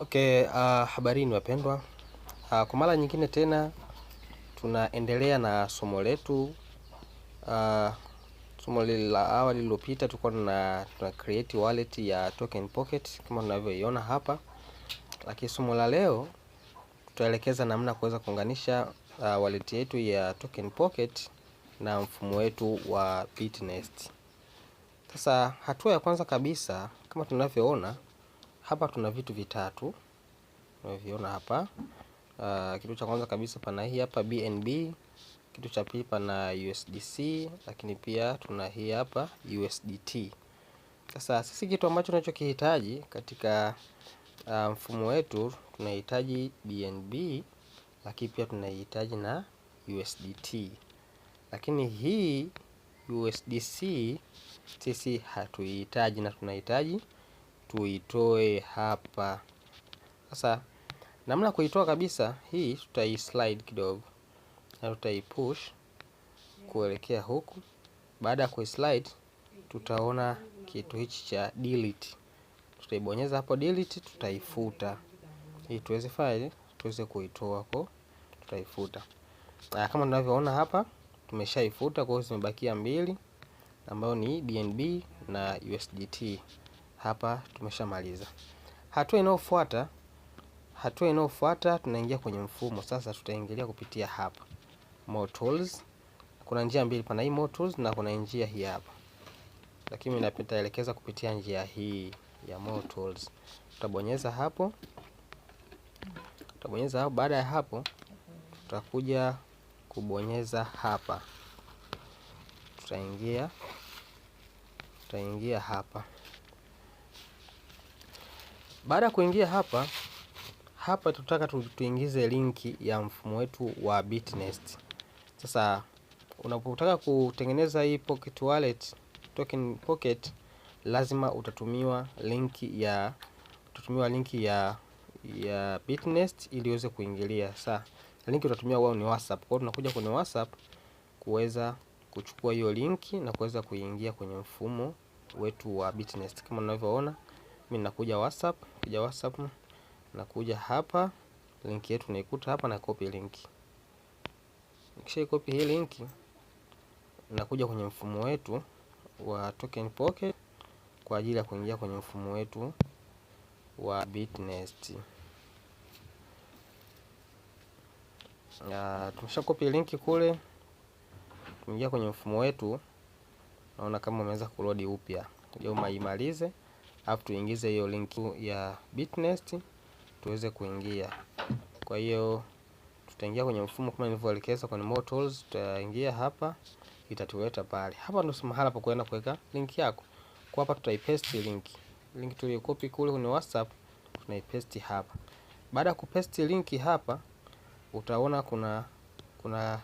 Okay, uh, habarini wapendwa. Uh, kwa mara nyingine tena tunaendelea na somo letu uh, somo lile la awali lililopita tulikuwa tuna, tuna create wallet ya Token Pocket kama tunavyoiona hapa, lakini somo la leo tutaelekeza namna kuweza kuunganisha uh, wallet yetu ya Token Pocket na mfumo wetu wa Bitnest. Sasa hatua ya kwanza kabisa kama tunavyoona hapa tuna vitu vitatu unavyoona hapa. Uh, kitu cha kwanza kabisa pana hii hapa BNB, kitu cha pili pana USDC, lakini pia tuna hii hapa USDT. Sasa sisi kitu ambacho tunachokihitaji katika uh, mfumo wetu tunahitaji BNB, lakini pia tunahitaji na USDT, lakini hii USDC sisi hatuihitaji na tunahitaji tuitoe hapa. Sasa namna kuitoa kabisa hii, tutai slide kidogo na tutai push kuelekea huku. Baada ya slide, tutaona kitu hichi cha delete, tutaibonyeza hapo delete, tutaifuta hii tuweze file tuweze kuitoa ko, tutaifuta na ah, kama tunavyoona hapa tumeshaifuta, kwa hiyo zimebakia mbili ambayo ni BNB na USDT. Hapa tumeshamaliza. Hatua inayofuata hatua inayofuata tunaingia kwenye mfumo sasa. Tutaingilia kupitia hapa More Tools. Kuna njia mbili, pana hii More Tools na kuna njia hii hapa, lakini mimi kupitia njia hii ya More Tools. Tutabonyeza hapo, tutabonyeza hapo. Baada ya hapo, tutakuja kubonyeza hapa, tutaingia tutaingia hapa baada ya kuingia hapa, hapa tutaka tu, tuingize linki ya mfumo wetu wa Bitnest. Sasa unapotaka kutengeneza hii pocket wallet, token pocket, lazima utatumiwa linki ya utatumiwa linki ya ya Bitnest ili uweze kuingilia. Sasa linki utatumia wao ni WhatsApp. Kwa hiyo tunakuja kwenye WhatsApp kuweza kuchukua hiyo linki na kuweza kuingia kwenye mfumo wetu wa Bitnest. Kama unavyoona, mimi nakuja WhatsApp nakuja WhatsApp, kuja hapa, link yetu naikuta hapa na copy link. Kisha copy hii na nakuja kwenye mfumo wetu wa Token Pocket kwa ajili ya kuingia kwenye mfumo wetu wa Bitnest. Na tumesha copy link kule, tumeingia kwenye mfumo wetu. Naona kama umeweza kurodi upya, je, umaimalize. Hapo tuingize hiyo link ya Bitnest tuweze kuingia. Kwa hiyo tutaingia kwenye mfumo kama nilivyoelekeza kwenye more tools, tutaingia hapa, itatuleta pale. Hapa ndio mahala pa kuenda kuweka link yako. Kwa hapa tutai paste link. Link tuliyokopi kule kwenye WhatsApp tunai paste hapa. Baada ya kupaste link hapa, utaona kuna kuna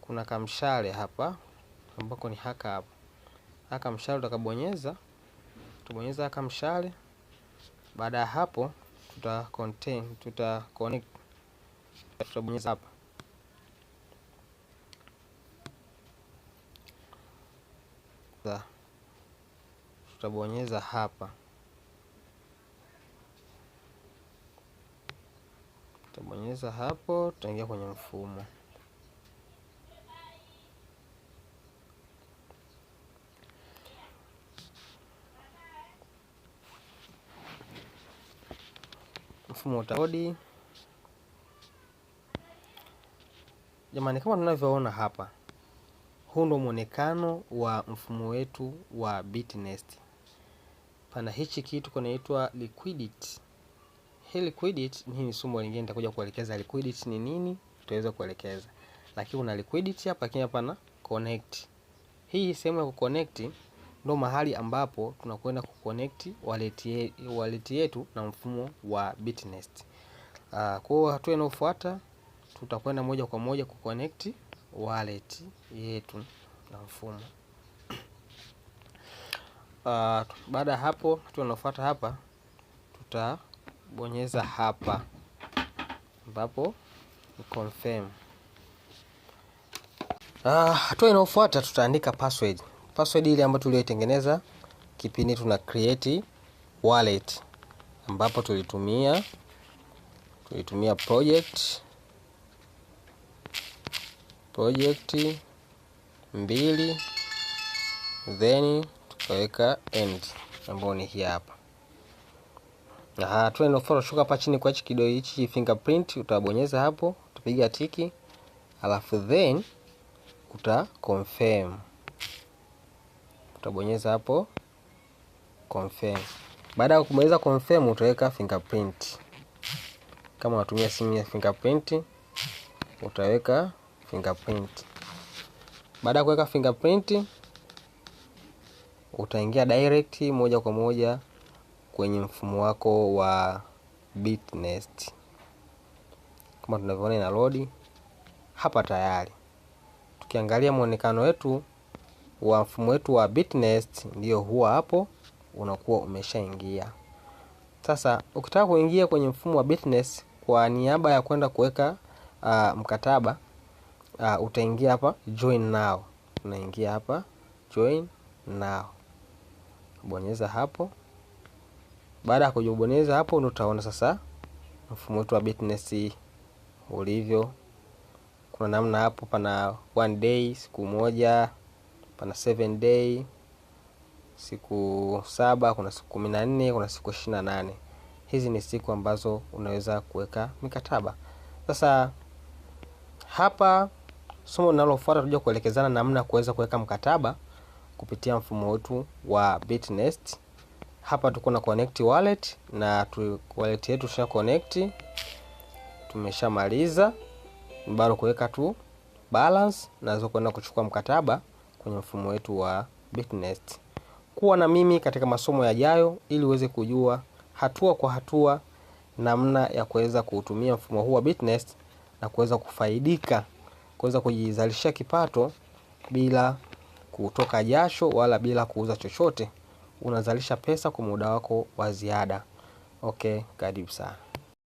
kuna kamshale hapa ambako ni haka hapa. Haka mshale utakabonyeza tutabonyeza kama mshale. Baada ya hapo tuta contain, tuta connect, tutabonyeza hapa. Tutabonyeza hapa, tutabonyeza hapo, tutaingia kwenye mfumo. mfumo utarudi. Jamani, kama tunavyoona hapa, huu ndo mwonekano wa mfumo wetu wa Bitnest. Pana hichi kitu kinaitwa liquidity. Hii liquidity ni somo lingine nitakuja kuelekeza liquidity ni nini, tutaweza kuelekeza. Lakini una liquidity hapa, lakini hapa na connect. Hii sehemu ya kuconnect ndo mahali ambapo tunakwenda kuconnect wallet yetu na mfumo wa Bitnest. Uh, kwa hatua inayofuata tutakwenda moja kwa moja kuconnect wallet yetu na mfumo. Uh, baada ya hapo hatua inayofuata hapa tutabonyeza hapa ambapo ni confirm. Ah, hatua inayofuata tutaandika password password ile ambayo tuliyotengeneza kipindi tuna create wallet, ambapo tulitumia tulitumia project project mbili then tukaweka end ambayo ni hii hapa. Aha, tuende shuka hapa chini kwa hichi kidole hichi fingerprint utabonyeza hapo, utapiga tiki, alafu then uta confirm utabonyeza hapo confirm. Baada ya kubonyeza confirm, utaweka fingerprint. Kama unatumia simu ya fingerprint, utaweka fingerprint. Baada ya kuweka fingerprint, utaingia direct moja kwa moja kwenye mfumo wako wa Bitnest kama tunavyoona ina load hapa tayari. Tukiangalia mwonekano wetu wa mfumo wetu wa Bitnest ndio huwa hapo unakuwa umeshaingia. Sasa ukitaka kuingia kwenye mfumo wa Bitnest kwa niaba ya kwenda kuweka uh, mkataba uh, utaingia hapa join now, unaingia hapa join now, bonyeza hapo. Baada ya kujibonyeza hapo, ndio utaona sasa mfumo wetu wa Bitnest ulivyo. Kuna namna hapo pana one day, siku moja pana seven day siku saba, kuna siku kumi na nne, kuna siku ishirini nane. Hizi ni siku ambazo unaweza kuweka mikataba. Sasa hapa somo linalofuata tutakuja kuelekezana namna ya kuweza kuweka mkataba kupitia mfumo wetu wa Bitnest. Hapa tuko na connect wallet na tu, wallet yetu sha connect, tumeshamaliza, bado kuweka tu balance, naweza kwenda kuchukua mkataba kwenye mfumo wetu wa Bitnest. Kuwa na mimi katika masomo yajayo ili uweze kujua hatua kwa hatua namna ya kuweza kuutumia mfumo huu wa Bitnest na kuweza kufaidika, kuweza kujizalishia kipato bila kutoka jasho wala bila kuuza chochote. Unazalisha pesa kwa muda wako wa ziada. Okay, karibu sana.